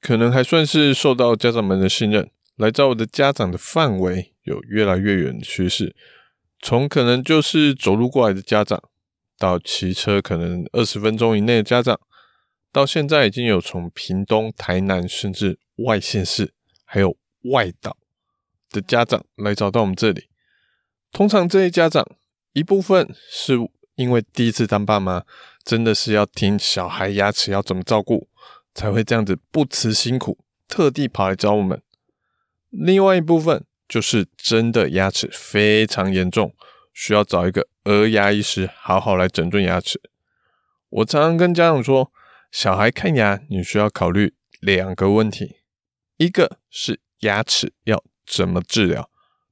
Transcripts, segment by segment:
可能還算是受到家長們的信任，來找我的家長的範圍有越來越遠的趨勢。從可能就是走路過來的家長，到騎車可能二十分鐘以內的家長，到現在已經有從屏東、台南，甚至外縣市，還有外島的家長來找到我們這裡。通常這些家長一部分是因為第一次當爸媽，真的是要聽小孩牙齒要怎麼照顧。才會這樣子不辭辛苦，特地跑來找我們。另外一部分就是真的牙齒非常嚴重，需要找一個兒牙醫師好好來整頓牙齒。我常常跟家長說，小孩看牙，你需要考慮兩個問題：一個是牙齒要怎麼治療，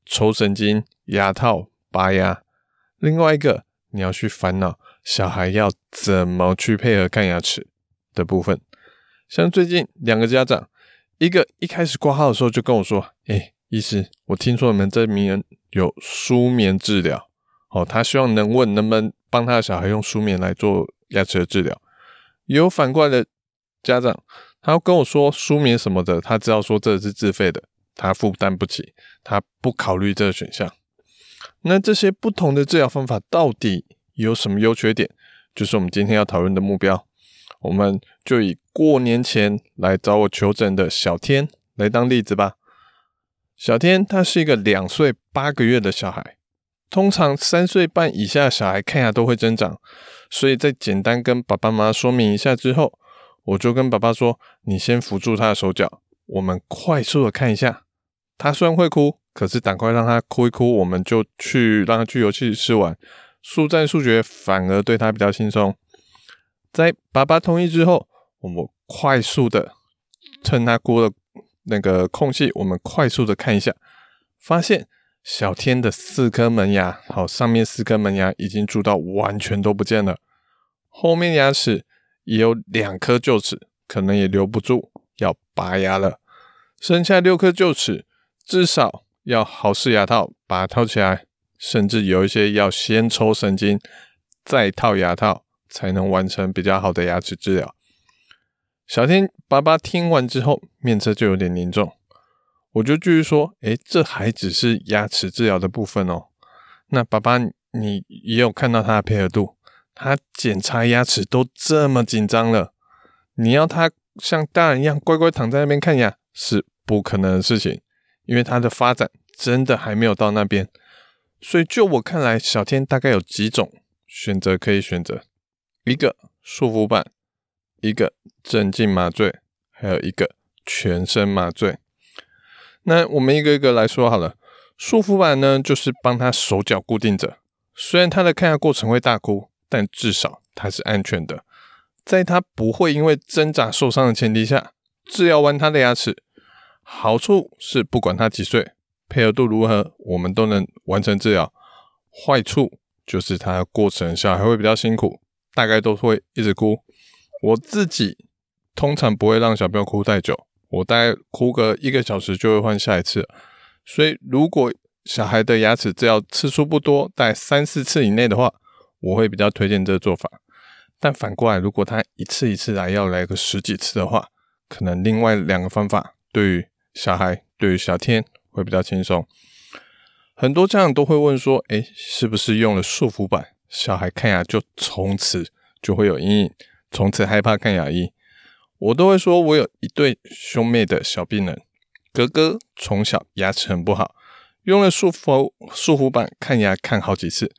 抽神經、牙套、拔牙；另外一個你要去煩惱小孩要怎麼去配合看牙齒的部分。像最近兩個家長，一個一開始掛號的時候就跟我說：“哎、欸，醫師，我聽說你們這名人有舒眠治療，哦，他希望能問能不能幫他的小孩用舒眠來做牙齒的治療。”有反過來的家長，他跟我說舒眠什麼的，他知道說這是自費的，他負擔不起，他不考慮這個選項。那這些不同的治療方法到底有什麼優缺點？就是我們今天要討論的目標。我們就以過年前來找我求診的小天來當例子吧。小天他是一個兩歲八個月的小孩，通常三歲半以下的小孩看牙都會緊張，所以在簡單跟爸爸媽媽說明一下之後，我就跟爸爸說：“你先扶住他的手腳，我們快速的看一下。”他雖然會哭，可是趕快讓他哭一哭，我們就去讓他去遊戲室玩，速戰速決，反而對他比較輕鬆。在爸爸同意之後，我們快速的趁他鍋的那個空隙，我們快速的看一下，發現小天的四顆門牙，好，上面四顆門牙已經蛀到完全都不見了，後面牙齒也有兩顆臼齒，可能也留不住，要拔牙了。剩下六顆臼齒，至少要好式牙套拔套起來，甚至有一些要先抽神經再套牙套。才能完成比較好的牙齒治療。小天爸爸聽完之後，面色就有點凝重。我就繼續說：“哎、欸，這還只是牙齒治療的部分哦。那爸爸，你也有看到他的配合度，他檢查牙齒都這麼緊張了，你要他像大人一樣乖乖躺在那邊看牙是不可能的事情，因為他的發展真的還沒有到那邊。所以就我看來，小天大概有幾種選擇可以選擇。”一個束縛板，一個鎮靜麻醉，還有一個全身麻醉。那我們一個一個來說好了。束縛板呢，就是幫他手腳固定着，雖然他的看牙過程會大哭，但至少他是安全的，在他不會因為掙扎受傷的前提下，治療完他的牙齒。好處是不管他幾歲，配合度如何，我們都能完成治療。壞處就是他的過程小孩會比較辛苦。大概都會一直哭，我自己通常不會讓小朋友哭太久，我大概哭個一個小時就會換下一次。所以如果小孩的牙齒只要次數不多，在三四次以內的話，我會比較推薦這個做法。但反過來，如果他一次一次來，要來個十幾次的話，可能另外兩個方法對於小孩、對於小天會比較輕鬆。很多家長都會問說：“哎，是不是用了束縛板？”小孩看牙就從此就會有陰影，從此害怕看牙醫。我都會說，我有一對兄妹的小病人，哥哥從小牙齒很不好，用了束縛束縛板看牙看好幾次，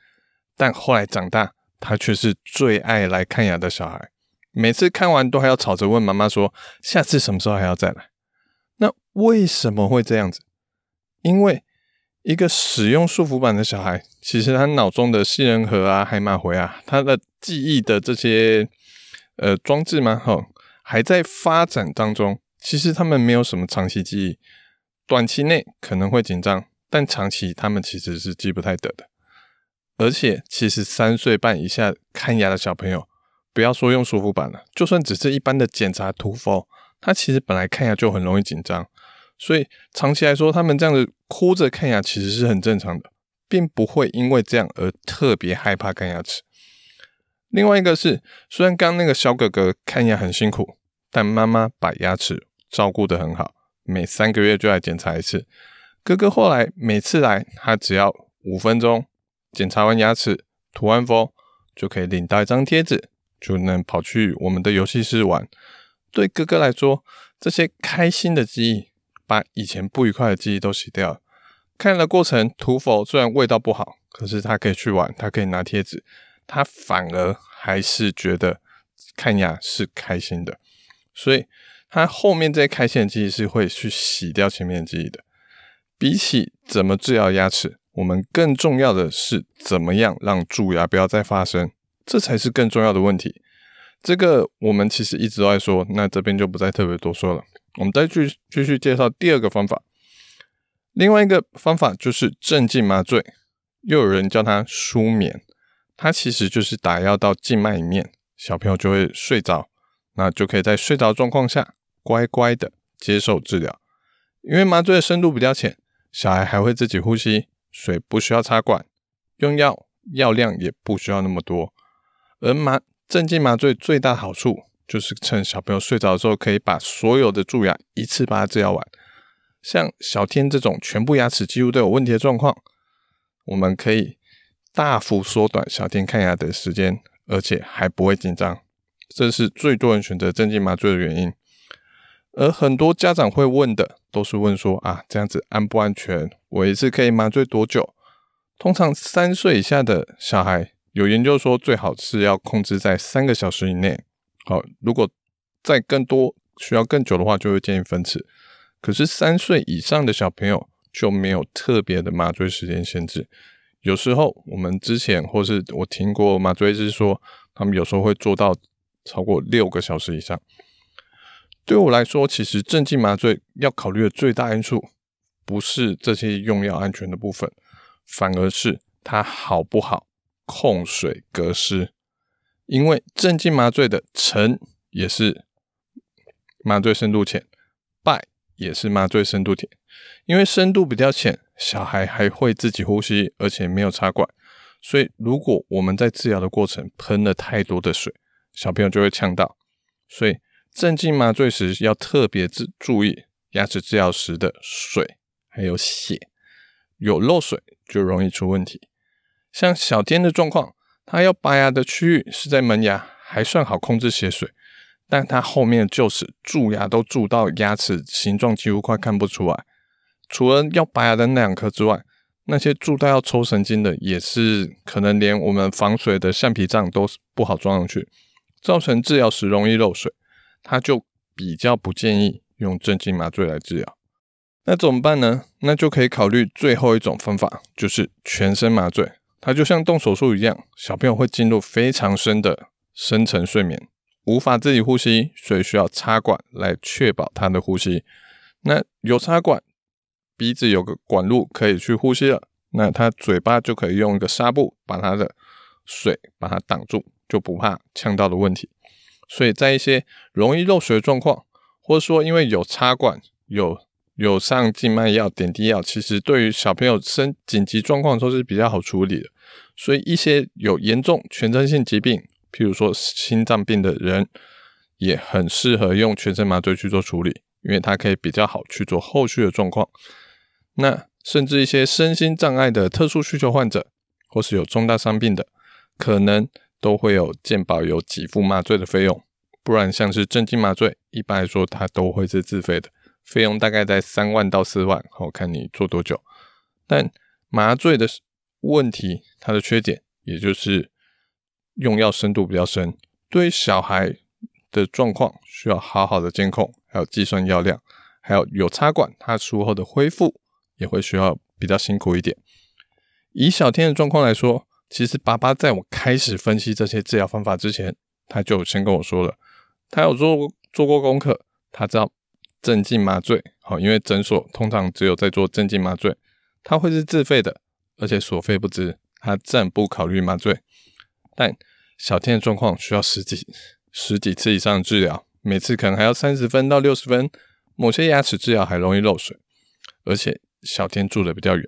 但後來長大，他卻是最愛來看牙的小孩。每次看完都還要吵着問媽媽說，下次什麼時候還要再來？那為什麼會這樣子？因為，一個使用束縛板的小孩，其實他腦中的杏仁核啊、海馬迴啊，他的記憶的這些呃裝置嘛，吼，還在發展當中。其實他們沒有什麼長期記憶，短期內可能會緊張，但長期他們其實是記不太得的。而且，其實三歲半以下看牙的小朋友，不要說用束縛板了，就算只是一般的檢查塗氟，他其實本來看牙就很容易緊張，所以長期來說，他們這樣子。哭着看牙其實是很正常的，並不會因為這樣而特別害怕看牙齒。另外一個是，雖然剛那個小哥哥看牙很辛苦，但媽媽把牙齒照顧得很好，每三個月就來檢查一次。哥哥後來每次來，他只要五分鐘，檢查完牙齒，塗完氟，就可以領到一張貼紙，就能跑去我們的遊戲室玩。對哥哥來說，這些開心的記憶。把以前不愉快的記憶都洗掉，看牙的過程，塗氟雖然味道不好，可是他可以去玩，他可以拿貼紙，他反而還是覺得看牙是開心的。所以，他後面這些開心的記憶是會去洗掉前面的記憶的。比起怎麼治療牙齒，我們更重要的是怎麼樣讓蛀牙不要再發生，這才是更重要的問題。這個我們其實一直都在說，那這邊就不再特別多說了。我們再繼，繼繼續介紹第二個方法，另外一個方法就是鎮靜麻醉，又有人叫它舒眠，它其實就是打藥到靜脈裡面，小朋友就會睡着，那就可以在睡着狀況下乖乖的接受治療。因為麻醉的深度比較淺，小孩還會自己呼吸，所以不需要插管，用藥藥量也不需要那麼多。而麻鎮靜麻醉最大的好處。就是趁小朋友睡着的時候，可以把所有的蛀牙一次把它治療完。像小天這種全部牙齒幾乎都有問題的狀況，我們可以大幅縮短小天看牙的時間，而且還不會緊張。這是最多人選擇鎮靜麻醉的原因。而很多家長會問的，都是問說啊，這樣子安不安全？我一次可以麻醉多久？通常三歲以下的小孩，有研究說最好是要控制在三個小時以內。好，如果再更多需要更久的話，就會建議分次。可是三歲以上的小朋友就沒有特別的麻醉時間限制。有時候我們之前或是我聽過麻醉師說，他們有時候會做到超過六個小時以上。對我來說，其實鎮靜麻醉要考慮的最大因素，不是這些用藥安全的部分，反而是它好不好控水隔濕。因為鎮靜麻醉的沉也是麻醉深度淺，敗也是麻醉深度淺。因為深度比較淺，小孩還會自己呼吸，而且沒有插管，所以如果我們在治療的過程噴了太多的水，小朋友就會嗆到。所以鎮靜麻醉時要特別注注意牙齒治療時的水還有血，有漏水就容易出問題。像小天的狀況。他要拔牙的區域是在門牙，還算好控制血水，但他後面臼齒、蛀牙都蛀到牙齒形狀幾乎快看不出來。除了要拔牙的那兩顆之外，那些蛀到要抽神經的，也是可能連我們防水的橡皮障都不好裝上去，造成治療時容易漏水。他就比較不建議用鎮靜麻醉來治療。那怎麼辦呢？那就可以考慮最後一種方法，就是全身麻醉。它就像動手術一樣，小朋友會進入非常深的深層睡眠，無法自己呼吸，所以需要插管來確保他的呼吸。那有插管，鼻子有個管路可以去呼吸了，那他嘴巴就可以用一個紗布把他的水把它擋住，就不怕嗆到的問題。所以在一些容易漏水的狀況，或者說因為有插管，有。有上靜脈藥、點滴藥，其實對於小朋友身緊急狀況的時候是比較好處理的。所以一些有嚴重全身性疾病，譬如說心臟病的人，也很適合用全身麻醉去做處理，因為它可以比較好去做後續的狀況。那甚至一些身心障礙的特殊需求患者，或是有重大傷病的，可能都會有健保有給付麻醉的費用。不然像是鎮靜麻醉，一般來說它都會是自費的。費用大概在三萬到四萬，我看你做多久。但麻醉的問題，它的缺點也就是用藥深度比較深，對於小孩的狀況需要好好的監控，還有計算藥量，還有有插管，他術後的恢復也會需要比較辛苦一點。以小天的狀況來說，其實爸爸在我開始分析這些治療方法之前，他就先跟我說了，他有做做過功課，他知道。鎮靜麻醉，好，因為診所通常只有在做鎮靜麻醉，它會是自費的，而且所費不貲，它暫不考慮麻醉。但小天的狀況需要十幾、十幾次以上的治療，每次可能還要三十分到六十分。某些牙齒治療還容易漏水，而且小天住得比較遠，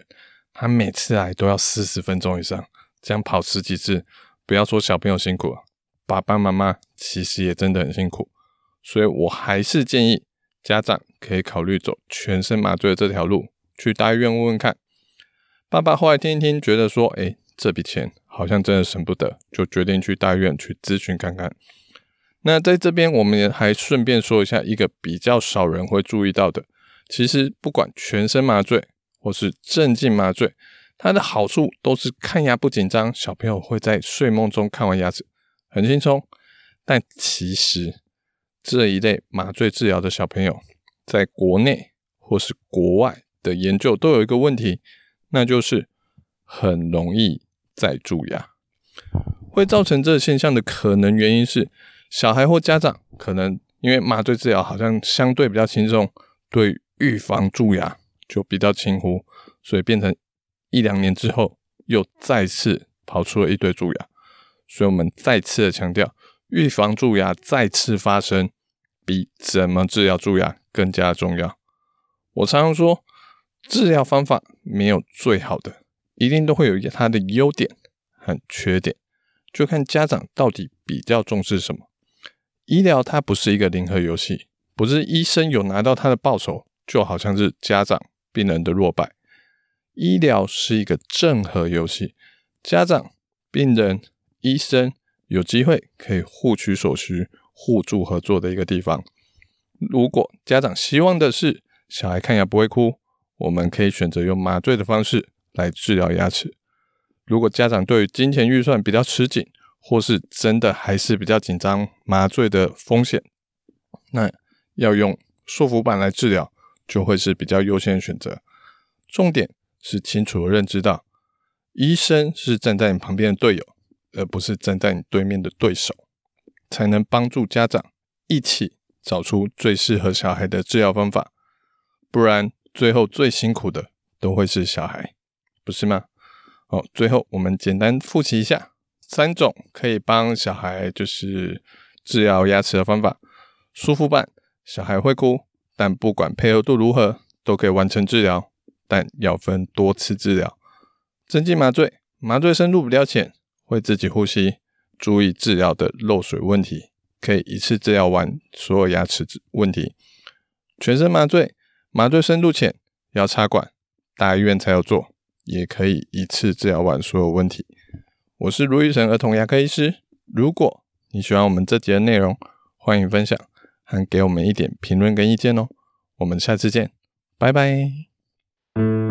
他每次來都要四十分鐘以上，這樣跑十幾次，不要說小朋友辛苦了，爸爸媽媽其實也真的很辛苦。所以我還是建議。家長可以考慮走全身麻醉的這條路，去大醫院問問看。爸爸後來聽一聽，覺得說：“誒，這筆錢好像真的省不得。”就決定去大醫院去諮詢看看。那在這邊，我們也還順便說一下一個比較少人會注意到的，其實不管全身麻醉或是鎮靜麻醉，它的好處都是看牙不緊張，小朋友會在睡夢中看完牙齒，很輕鬆。但其實，這一類麻醉治療的小朋友，在國內或是國外的研究都有一個問題，那就是很容易再蛀牙。會造成這個現象的可能原因是，小孩或家長可能因為麻醉治療好像相對比較輕鬆，對預防蛀牙就比較輕忽，所以變成一兩年之後又再次跑出了一堆蛀牙。所以我們再次的強調。預防蛀牙再次發生，比怎麼治療蛀牙更加重要。我常常說，治療方法沒有最好的，一定都會有一個它的優點和缺點，就看家長到底比較重視什麼。醫療它不是一個零和遊戲，不是醫生有拿到他的報酬，就好像是家長、病人的落敗。醫療是一個正和遊戲，家長、病人、醫生。有機會可以互取所需、互助合作的一個地方。如果家長希望的是小孩看牙不會哭，我們可以選擇用麻醉的方式來治療牙齒。如果家長對於金錢預算比較吃緊，或是真的還是比較緊張麻醉的風險，那要用束縛板來治療就會是比較優先的選擇。重點是清楚地認知到，醫生是站在你旁邊的隊友，而不是站在你對面的對手，才能幫助家長一起找出最適合小孩的治療方法，不然最後最辛苦的都會是小孩，不是嗎？好，最後我們簡單複習一下三種可以幫小孩就是治療牙齒的方法：束縛板，小孩會哭，但不管配合度如何都可以完成治療，但要分多次治療；鎮靜麻醉，麻醉深度比較淺。為自己呼吸，注意治療的漏水問題，可以一次治療完所有牙齒問題。全身麻醉，麻醉深度淺，要插管，大醫院才要做，也可以一次治療完所有問題。我是盧醫生兒童牙科醫師。如果你喜歡我們這集的內容，歡迎分享，還給我們一點評論跟意見哦。我們下次見，拜拜。